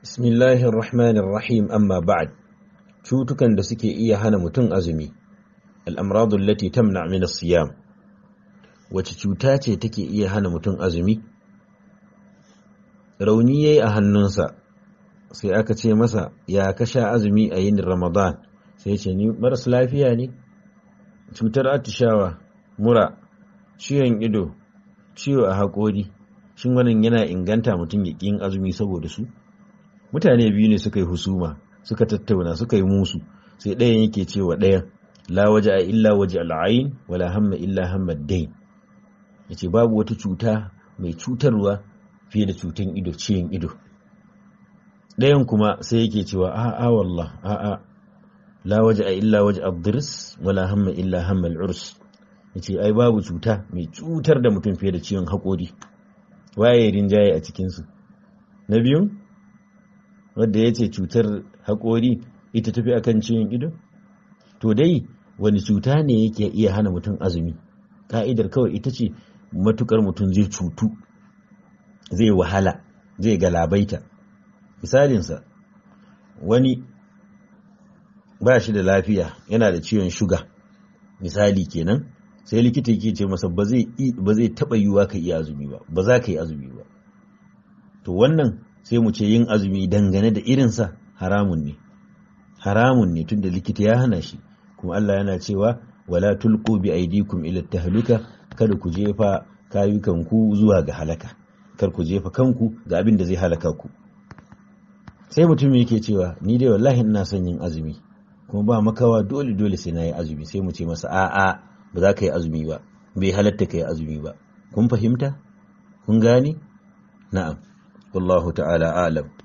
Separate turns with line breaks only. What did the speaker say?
Bismillahir Rahmanir Rahim amma ba'd cutukan da suke iya hana mutum azumi al-amradu lati tamna min as-siyam wace cuta ce take iya hana mutum azumi rauni yayi a hannunsa sai aka ce masa ya ka sha azumi a yin Ramadan sai ce ni maras lafiya ne cutar atishawa mura ciwon ido ciwo a hakori. shin wannan yana inganta mutum ya azumi saboda su mutane biyu ne suka yi husuma suka tattauna suka yi musu sai ɗayan yake cewa ɗayan la waje a illa waje al'ayin wala hamma illa hamma dai. Ya ce babu wata cuta mai cutarwa fiye da cutan ido ciyin ido ɗayan kuma sai yake cewa a'a wallah a'a la waje a illa waje addirs wala hamma illa hamma al'urs ce ai babu cuta mai cutar da mutum fiye da ciwon haƙori waye rinjaye a cikinsu na biyu wadda ya ce cutar haƙori ita tafi akan ciwon ido to dai wani cuta ne yake iya hana mutum azumi ka'idar kawai ita ce matukar mutum zai cutu zai wahala zai galabaita misalinsa wani ba shi da lafiya yana da ciwon shuga misali kenan sai likita yake ce masa ba zai taɓa yiwuwa ka yi azumi ba ba za ka yi azumi ba to wannan sai mu ce yin azumi dangane da irinsa haramun ne haramun ne tunda likita ya hana shi kuma Allah yana cewa wala tulqu bi aidikum ila tahluka kada ku jefa kayukan ku zuwa ga halaka kar ku jefa kanku ga abin da zai halaka ku sai mutum yake cewa ni dai wallahi ina son yin azumi kuma ba makawa dole dole sai na yi azumi sai mu ce masa a'a ba za ka yi azumi ba bai halatta ka yi azumi ba kun fahimta kun gane na'am والله تعالى أعلم